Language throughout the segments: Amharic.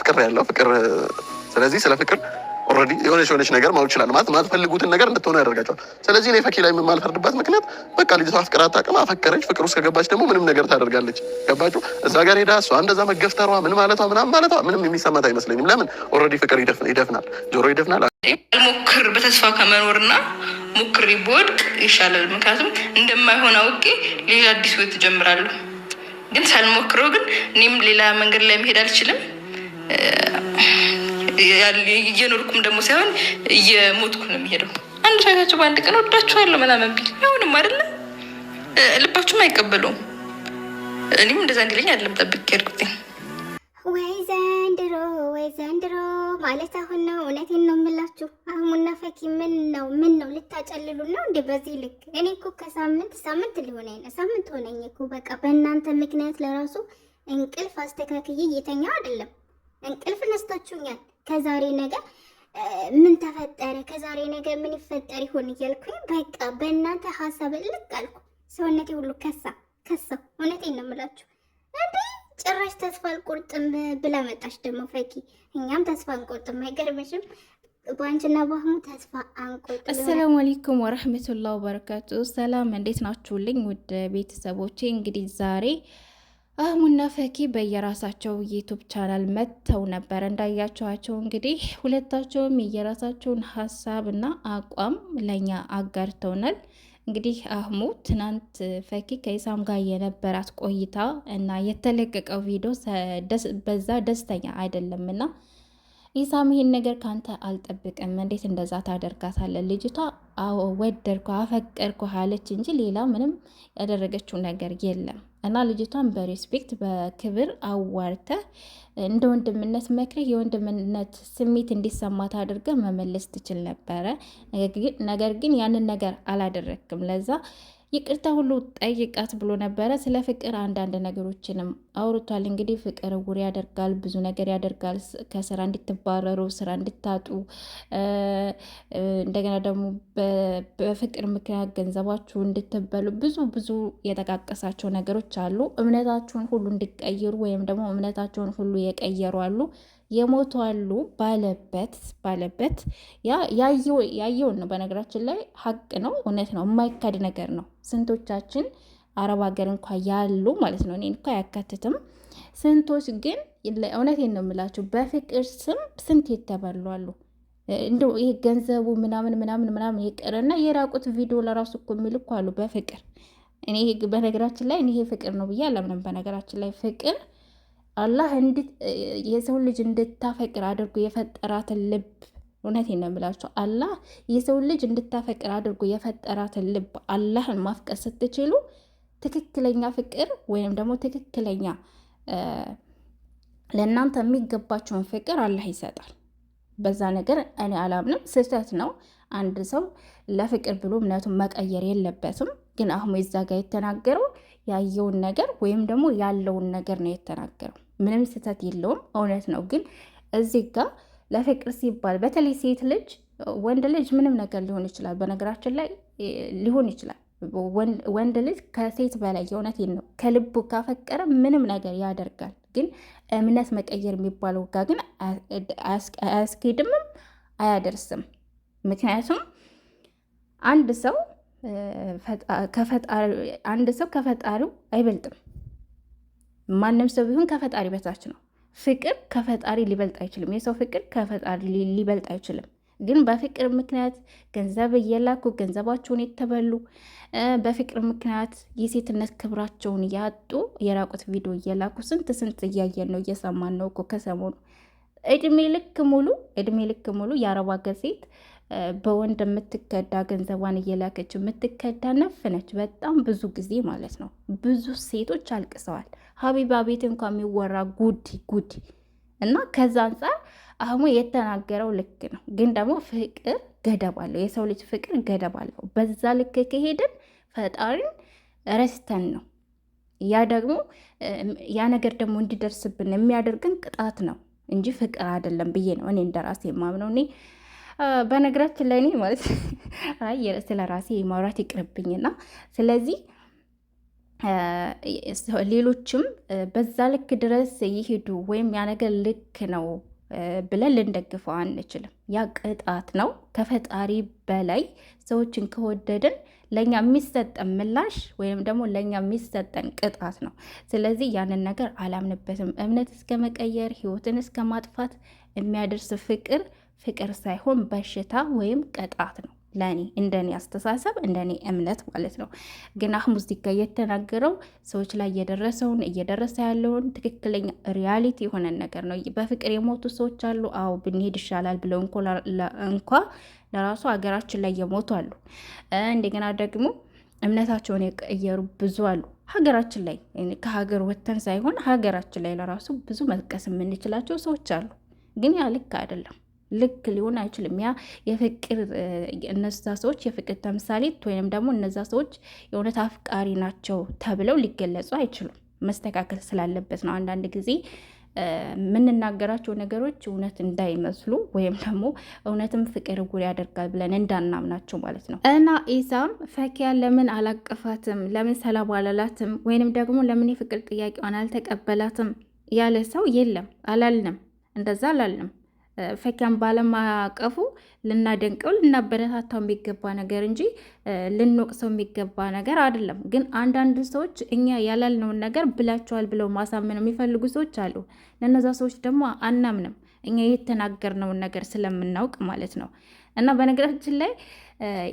ፍቅር ያለው ፍቅር። ስለዚህ ስለ ፍቅር ኦልሬዲ የሆነች የሆነች ነገር ማወቅ ይችላል ማለት ማትፈልጉትን ነገር እንድትሆኑ ያደርጋቸዋል። ስለዚህ እኔ ፈኪ ላይ የማልፈርድባት ምክንያት በቃ ልጅቷ ፍቅር አታውቅም፣ አፈቀረች። ፍቅር ውስጥ ከገባች ደግሞ ምንም ነገር ታደርጋለች። ገባችሁ? እዛ ጋር ሄዳ እሷ እንደዛ መገፍተሯ ምን ማለቷ ምናምን ማለቷ ምንም የሚሰማት አይመስለኝም። ለምን ኦልሬዲ ፍቅር ይደፍናል፣ ጆሮ ይደፍናል። ሞክር በተስፋ ከመኖርና ሞክሬ ብወድቅ ይሻላል። ምክንያቱም እንደማይሆን አውቄ ሌላ አዲስ ህይወት እጀምራለሁ። ግን ሳልሞክረው ግን እኔም ሌላ መንገድ ላይ መሄድ አልችልም። እየኖርኩም ደግሞ ሳይሆን እየሞትኩ ነው የሚሄደው። አንድ ሻታችሁ በአንድ ቀን ወዳችኋለሁ ምናምን ቢል አይሆንም አይደለም፣ ልባችሁም አይቀበለውም። እኔም እንደዛ እንዲለኝ አይደለም ጠብቄ ያድኩት። ወይ ዘንድሮ ወይ ዘንድሮ ማለት አሁን ነው። እውነቴን ነው የምላችሁ። አህሙና ፈኪ ምን ነው ምን ነው ልታጨልሉ ነው እንዴ? በዚህ ልክ እኔ እኮ ከሳምንት ሳምንት ሊሆነ ሳምንት ሆነኝ እኮ በቃ በእናንተ ምክንያት ለራሱ እንቅልፍ አስተካክዬ እየተኛው አይደለም እንቅልፍ ነስታችሁኛል። ከዛሬ ነገ ምን ተፈጠረ፣ ከዛሬ ነገ ምን ይፈጠር ይሆን እያልኩኝ በቃ በእናንተ ሀሳብ ልቅ አልኩ። ሰውነቴ ሁሉ ከሳ ከሳው። እውነቴን ነው የምላችሁ። እንዴ ጭራሽ ተስፋ አልቆርጥም ብላ መጣች ደግሞ ፈኪ። እኛም ተስፋ አንቆርጥም፣ አይገርምሽም? በአንችና አሰላሙ አለይኩም ወረህመቱላህ ወበረካቱ። ሰላም እንዴት ናችሁልኝ ውድ ቤተሰቦቼ? እንግዲህ ዛሬ አህሙና ፈኪ በየራሳቸው ዩቱብ ቻናል መጥተው ነበር። እንዳያቸዋቸው እንግዲህ ሁለታቸውም የየራሳቸውን ሀሳብና አቋም ለእኛ አጋርተውናል። እንግዲህ አህሙ ትናንት ፈኪ ከኢሳም ጋር የነበራት ቆይታ እና የተለቀቀው ቪዲዮ በዛ ደስተኛ አይደለምና ኢሳም ይህን ነገር ካንተ አልጠብቅም። እንዴት እንደዛ ታደርጋታለህ? ልጅቷ አዎ ወደድኩ አፈቀርኩ አለች እንጂ ሌላ ምንም ያደረገችው ነገር የለም። እና ልጅቷን በሬስፔክት በክብር አዋርተ እንደ ወንድምነት መክረህ የወንድምነት ስሜት እንዲሰማት ታደርገ መመለስ ትችል ነበረ። ነገር ግን ያንን ነገር አላደረግክም ለዛ ይቅርታ ሁሉ ጠይቃት ብሎ ነበረ። ስለ ፍቅር አንዳንድ ነገሮችንም አውርቷል። እንግዲህ ፍቅር ውር ያደርጋል፣ ብዙ ነገር ያደርጋል። ከስራ እንድትባረሩ፣ ስራ እንድታጡ፣ እንደገና ደግሞ በፍቅር ምክንያት ገንዘባችሁ እንድትበሉ፣ ብዙ ብዙ የጠቃቀሳቸው ነገሮች አሉ። እምነታችሁን ሁሉ እንድትቀይሩ ወይም ደግሞ እምነታቸውን ሁሉ የቀየሩ አሉ። የሞቷሉ አሉ ባለበት ባለበት ያየውን ነው። በነገራችን ላይ ሀቅ ነው፣ እውነት ነው፣ የማይካድ ነገር ነው። ስንቶቻችን አረብ ሀገር እንኳ ያሉ ማለት ነው፣ እኔ እንኳ አያካትትም። ስንቶች ግን እውነቴን ነው የምላችሁ በፍቅር ስም ስንት የተባሉ እንደው ገንዘቡ ምናምን ምናምን ምናምን ይቅርና የራቁት ቪዲዮ ለራሱ እኮ የሚልኩ አሉ በፍቅር። እኔ በነገራችን ላይ ይሄ ፍቅር ነው ብዬ አላምንም። በነገራችን ላይ ፍቅር አላህ የሰው ልጅ እንድታፈቅር አድርጎ የፈጠራትን ልብ እውነት ነው የምላቸው። አላህ የሰው ልጅ እንድታፈቅር አድርጎ የፈጠራትን ልብ አላህን ማፍቀር ስትችሉ ትክክለኛ ፍቅር ወይም ደግሞ ትክክለኛ ለእናንተ የሚገባቸውን ፍቅር አላህ ይሰጣል። በዛ ነገር እኔ አላምንም፣ ስህተት ነው። አንድ ሰው ለፍቅር ብሎ እምነቱን መቀየር የለበትም። ግን አህሙ እዛ ጋር የተናገረው ያየውን ነገር ወይም ደግሞ ያለውን ነገር ነው የተናገረው። ምንም ስህተት የለውም፣ እውነት ነው። ግን እዚህ ጋር ለፍቅር ሲባል በተለይ ሴት ልጅ ወንድ ልጅ ምንም ነገር ሊሆን ይችላል። በነገራችን ላይ ሊሆን ይችላል። ወንድ ልጅ ከሴት በላይ የእውነቴን ነው፣ ከልቡ ካፈቀረ ምንም ነገር ያደርጋል። ግን እምነት መቀየር የሚባለው ጋ ግን አያስኬድምም፣ አያደርስም። ምክንያቱም አንድ ሰው አንድ ሰው ከፈጣሪው አይበልጥም። ማንም ሰው ቢሆን ከፈጣሪ በታች ነው። ፍቅር ከፈጣሪ ሊበልጥ አይችልም። የሰው ፍቅር ከፈጣሪ ሊበልጥ አይችልም። ግን በፍቅር ምክንያት ገንዘብ እየላኩ ገንዘባቸውን የተበሉ በፍቅር ምክንያት የሴትነት ክብራቸውን ያጡ የራቁት ቪዲዮ እየላኩ ስንት ስንት እያየን ነው፣ እየሰማን ነው እኮ ከሰሞኑ። እድሜ ልክ ሙሉ እድሜ ልክ ሙሉ የአረብ ሀገር ሴት በወንድ የምትከዳ ገንዘቧን እየላከች የምትከዳ ነፍነች። በጣም ብዙ ጊዜ ማለት ነው ብዙ ሴቶች አልቅሰዋል። ሀቢባ ቤት እንኳ የሚወራ ጉድ ጉድ እና ከዛ አንጻር አህሙ የተናገረው ልክ ነው፣ ግን ደግሞ ፍቅር ገደብ አለው። የሰው ልጅ ፍቅር ገደብ አለው። በዛ ልክ ከሄድን ፈጣሪን ረስተን ነው። ያ ደግሞ ያ ነገር ደግሞ እንዲደርስብን የሚያደርግን ቅጣት ነው እንጂ ፍቅር አይደለም ብዬ ነው እኔ እንደራሴ የማምነው። እኔ በነገራችን ላይ እኔ ማለት ስለ ራሴ ማውራት ይቅርብኝና ስለዚህ ሌሎችም በዛ ልክ ድረስ ይሄዱ ወይም ያ ነገር ልክ ነው ብለን ልንደግፈው አንችልም። ያ ቅጣት ነው ከፈጣሪ በላይ ሰዎችን ከወደድን ለእኛ የሚሰጠን ምላሽ ወይም ደግሞ ለእኛ የሚሰጠን ቅጣት ነው። ስለዚህ ያንን ነገር አላምንበትም። እምነት እስከ መቀየር፣ ህይወትን እስከ ማጥፋት የሚያደርስ ፍቅር ፍቅር ሳይሆን በሽታ ወይም ቅጣት ነው። ለእኔ እንደኔ አስተሳሰብ እንደኔ እምነት ማለት ነው። ግን አህሙ እዚህ ጋር የተናገረው ሰዎች ላይ እየደረሰውን እየደረሰ ያለውን ትክክለኛ ሪያሊቲ የሆነን ነገር ነው። በፍቅር የሞቱ ሰዎች አሉ። አዎ ብንሄድ ይሻላል ብለው እንኳ ለራሱ ሀገራችን ላይ የሞቱ አሉ። እንደገና ደግሞ እምነታቸውን የቀየሩ ብዙ አሉ። ሀገራችን ላይ ከሀገር ወተን ሳይሆን ሀገራችን ላይ ለራሱ ብዙ መጥቀስ የምንችላቸው ሰዎች አሉ። ግን ያ ልክ አይደለም። ልክ ሊሆን አይችልም። ያ የፍቅር እነዛ ሰዎች የፍቅር ተምሳሌት ወይንም ደግሞ እነዛ ሰዎች የእውነት አፍቃሪ ናቸው ተብለው ሊገለጹ አይችሉም። መስተካከል ስላለበት ነው። አንዳንድ ጊዜ የምንናገራቸው ነገሮች እውነት እንዳይመስሉ ወይም ደግሞ እውነትም ፍቅር ጉር ያደርጋል ብለን እንዳናምናቸው ማለት ነው። እና ኢሳም ፈኪያ ለምን አላቀፋትም፣ ለምን ሰላም አላላትም፣ ወይንም ደግሞ ለምን የፍቅር ጥያቄዋን አልተቀበላትም ያለ ሰው የለም። አላልንም፣ እንደዛ አላልንም። ፈኪያን ባለማቀፉ ልናደንቀው ልናበረታታው የሚገባ ነገር እንጂ ልንወቅሰው የሚገባ ነገር አይደለም። ግን አንዳንድ ሰዎች እኛ ያላልነውን ነገር ብላቸዋል ብለው ማሳመን የሚፈልጉ ሰዎች አሉ። ለነዛ ሰዎች ደግሞ አናምንም፣ እኛ የተናገርነውን ነገር ስለምናውቅ ማለት ነው። እና በነገራችን ላይ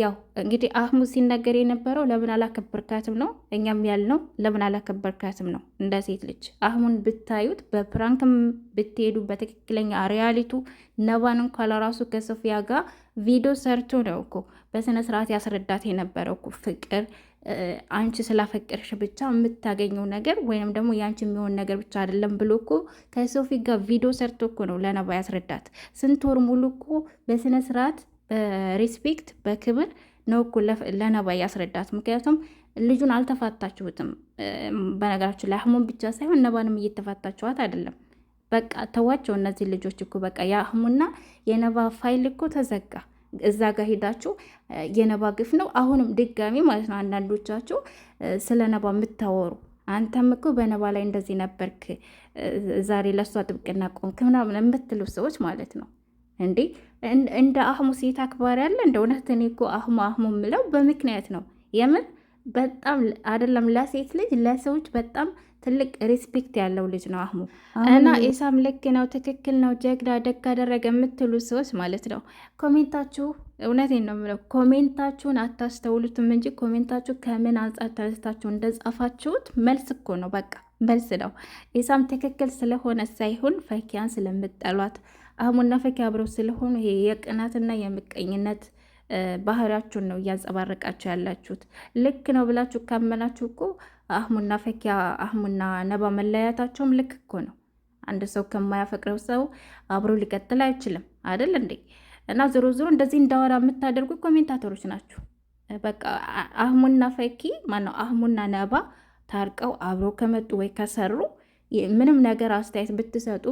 ያው እንግዲህ አህሙ ሲነገር የነበረው ለምን አላከበርካትም ነው። እኛም ያልነው ለምን አላከበርካትም ነው። እንደ ሴት ልጅ አህሙን ብታዩት በፕራንክም ብትሄዱ በትክክለኛ ሪያሊቱ ነባን እንኳ ለራሱ ከሶፊያ ጋር ቪዲዮ ሰርቶ ነው እኮ በስነስርዓት ያስረዳት የነበረው እኮ ፍቅር አንቺ ስላፈቀርሽ ብቻ የምታገኘው ነገር ወይም ደግሞ የአንቺ የሚሆን ነገር ብቻ አይደለም ብሎ እኮ ከሶፊ ጋር ቪዲዮ ሰርቶ እኮ ነው ለነባ ያስረዳት። ስንት ወር ሙሉ እኮ በስነ ስርዓት በሬስፔክት በክብር ነው እኮ ለነባ ያስረዳት። ምክንያቱም ልጁን አልተፋታችሁትም። በነገራችን ላይ አህሙን ብቻ ሳይሆን ነባንም እየተፋታችኋት አይደለም። በቃ ተዋቸው እነዚህ ልጆች እኮ በቃ የአህሙና የነባ ፋይል እኮ ተዘጋ። እዛ ጋር ሄዳችሁ የነባ ግፍ ነው አሁንም ድጋሚ ማለት ነው። አንዳንዶቻችሁ ስለ ነባ የምታወሩ አንተም እኮ በነባ ላይ እንደዚህ ነበርክ፣ ዛሬ ለእሷ ጥብቅና ቆምክ ምናምን የምትሉ ሰዎች ማለት ነው። እንዴ እንደ አህሙ ሴት አክባሪ ያለ እንደ እውነት እኔ እኮ አህሙ አህሙ የምለው በምክንያት ነው። የምን በጣም አይደለም ለሴት ልጅ ለሰዎች በጣም ትልቅ ሪስፔክት ያለው ልጅ ነው አህሙ እና ኢሳም ልክ ነው፣ ትክክል ነው፣ ጀግና ደግ አደረገ የምትሉ ሰዎች ማለት ነው ኮሜንታችሁ እውነቴን ነው የምለው ኮሜንታችሁን አታስተውሉትም እንጂ ኮሜንታችሁ ከምን አንጻር ተነስታችሁ እንደጻፋችሁት መልስ እኮ ነው። በቃ መልስ ነው። ኢሳም ትክክል ስለሆነ ሳይሆን ፈኪያን ስለምጠሏት አህሙና ፈኪያ አብረው ስለሆኑ ይሄ የቅናትና የምቀኝነት ባህሪያችሁን ነው እያንጸባረቃችሁ ያላችሁት። ልክ ነው ብላችሁ ካመናችሁ እኮ አህሙና ፈኪያ አህሙና ነባ መለያየታቸውም ልክ እኮ ነው። አንድ ሰው ከማያፈቅረው ሰው አብሮ ሊቀጥል አይችልም አይደል እንዴ? እና ዞሮ ዞሮ እንደዚህ እንዳወራ የምታደርጉ ኮሜንታተሮች ናችሁ። በቃ አህሙና ፈኪ ማነው አህሙና ነባ ታርቀው አብሮ ከመጡ ወይ ከሰሩ ምንም ነገር አስተያየት ብትሰጡ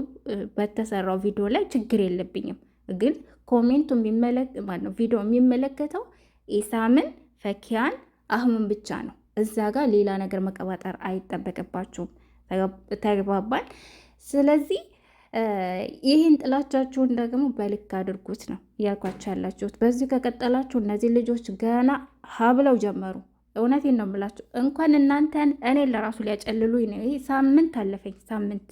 በተሰራው ቪዲዮ ላይ ችግር የለብኝም። ግን ኮሜንቱ ቪዲዮ የሚመለከተው ኢሳምን፣ ፈኪያን፣ አህሙን ብቻ ነው። እዛ ጋር ሌላ ነገር መቀባጠር አይጠበቅባችሁም። ተግባባል። ስለዚህ ይህን ጥላቻችሁን ደግሞ በልክ አድርጉት ነው እያልኳቸው ያላችሁት። በዚህ ከቀጠላችሁ እነዚህ ልጆች ገና ሀብለው ጀመሩ። እውነቴን ነው የምላችሁ። እንኳን እናንተን እኔን ለራሱ ሊያጨልሉኝ ነው። ይሄ ሳምንት አለፈኝ፣ ሳምንት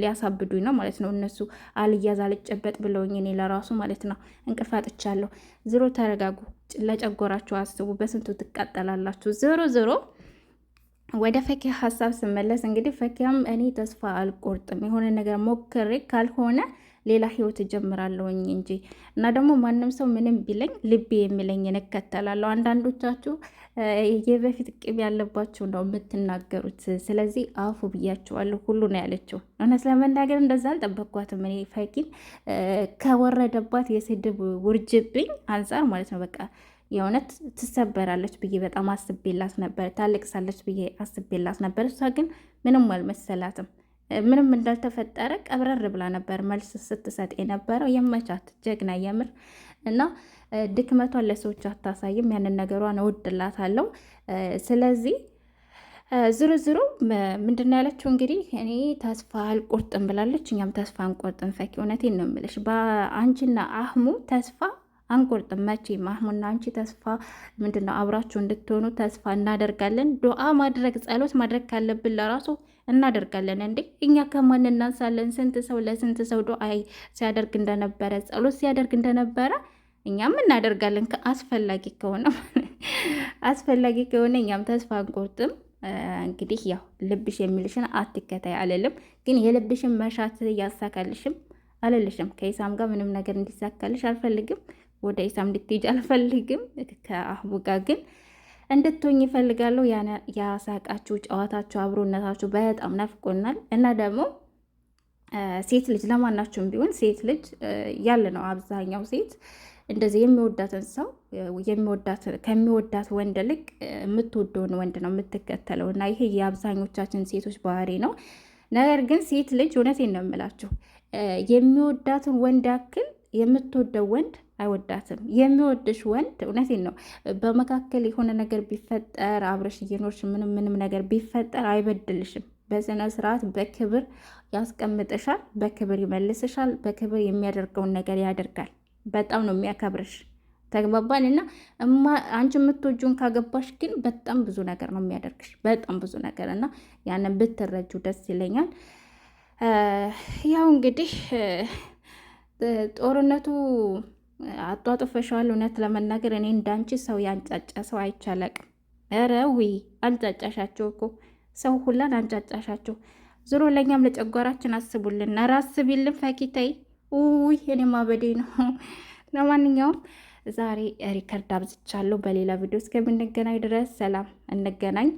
ሊያሳብዱኝ ነው ማለት ነው። እነሱ አልያዝ አልጨበጥ ብለውኝ እኔ ለራሱ ማለት ነው እንቅልፍ አጥቻለሁ። ዝሮ ተረጋጉ። ለጨጎራችሁ አስቡ። በስንቱ ትቃጠላላችሁ? ዞሮ ዞሮ ወደ ፈኪያ ሀሳብ ስመለስ እንግዲህ ፈኪያም እኔ ተስፋ አልቆርጥም፣ የሆነ ነገር ሞክሬ ካልሆነ ሌላ ህይወት እጀምራለሁኝ እንጂ እና ደግሞ ማንም ሰው ምንም ቢለኝ ልቤ የሚለኝን እከተላለሁ። አንዳንዶቻችሁ የበፊት ቂም ያለባቸው ነው የምትናገሩት። ስለዚህ አፉ ብያቸዋለሁ ሁሉ ነው ያለችው። እውነት ለመናገር እንደዛ አልጠበቅኳትም እኔ ፈኪን ከወረደባት የስድብ ውርጅብኝ አንጻር ማለት ነው በቃ የእውነት ትሰበራለች ብዬ በጣም አስቤላት ነበር። ታለቅሳለች ብዬ አስቤላት ነበር። እሷ ግን ምንም አልመሰላትም። ምንም እንዳልተፈጠረ ቀብረር ብላ ነበር መልስ ስትሰጥ የነበረው። የመቻት ጀግና የምር እና ድክመቷን ለሰዎች አታሳይም። ያንን ነገሯን እወድላታለሁ። ስለዚህ ዝሮ ዝሮ ምንድን ነው ያለችው? እንግዲህ እኔ ተስፋ አልቆርጥም ብላለች። እኛም ተስፋ አንቆርጥም። ፈኪ እውነቴን ነው የምልሽ፣ በአንቺና አህሙ ተስፋ አንቆርጥም መቼም። አህሙና አንቺ ተስፋ ምንድን ነው አብራችሁ እንድትሆኑ ተስፋ እናደርጋለን። ዱዓ ማድረግ ጸሎት ማድረግ ካለብን ለራሱ እናደርጋለን። እንዴ እኛ ከማን እናንሳለን? ስንት ሰው ለስንት ሰው ዱዓ ሲያደርግ እንደነበረ ጸሎት ሲያደርግ እንደነበረ እኛም እናደርጋለን አስፈላጊ ከሆነ አስፈላጊ ከሆነ እኛም ተስፋ አንቆርጥም። እንግዲህ ያው ልብሽ የሚልሽን አትከታይ አለልም፣ ግን የልብሽን መሻት እያሳካልሽም አለልሽም። ከኢሳም ጋር ምንም ነገር እንዲሳካልሽ አልፈልግም። ወደ ኢሳም እንድትሄጅ አልፈልግም። ከአህቡ ጋር ግን እንድትሆኝ ይፈልጋለሁ። ያሳቃችሁ፣ ጨዋታችሁ፣ አብሮነታችሁ በጣም ናፍቆናል እና ደግሞ ሴት ልጅ ለማናችሁም ቢሆን ሴት ልጅ ያለ ነው። አብዛኛው ሴት እንደዚህ የሚወዳትን ሰው ከሚወዳት ወንድ ልቅ የምትወደውን ወንድ ነው የምትከተለው እና ይሄ የአብዛኞቻችን ሴቶች ባህሪ ነው። ነገር ግን ሴት ልጅ እውነቴን ነው የምላችሁ የሚወዳትን ወንድ ያክል የምትወደው ወንድ አይወዳትም። የሚወድሽ ወንድ እውነቴን ነው በመካከል የሆነ ነገር ቢፈጠር አብረሽ እየኖርሽ ምንም ምንም ነገር ቢፈጠር አይበድልሽም። በስነ ስርዓት በክብር ያስቀምጥሻል፣ በክብር ይመልስሻል፣ በክብር የሚያደርገውን ነገር ያደርጋል። በጣም ነው የሚያከብርሽ። ተግባባን እና አንቺ የምትወጁን ካገባሽ ግን በጣም ብዙ ነገር ነው የሚያደርግሽ፣ በጣም ብዙ ነገር እና ያንን ብትረጁ ደስ ይለኛል። ያው እንግዲህ ጦርነቱ አጧጡፈሻዋል። እውነት ለመናገር እኔ እንዳንቺ ሰው ያንጫጫ ሰው አይቻለቅም። ኧረ ዊ አንጫጫሻቸው እኮ ሰው ሁላን አንጫጫሻቸው። ዞሮ ለእኛም ለጨጓራችን አስቡልን፣ ኧረ አስቢልን። ፈኪተይ ውይ እኔ ማበዴ ነው። ለማንኛውም ዛሬ ሪከርድ አብዝቻለሁ። በሌላ ቪዲዮ እስከምንገናኝ ድረስ ሰላም እንገናኝ።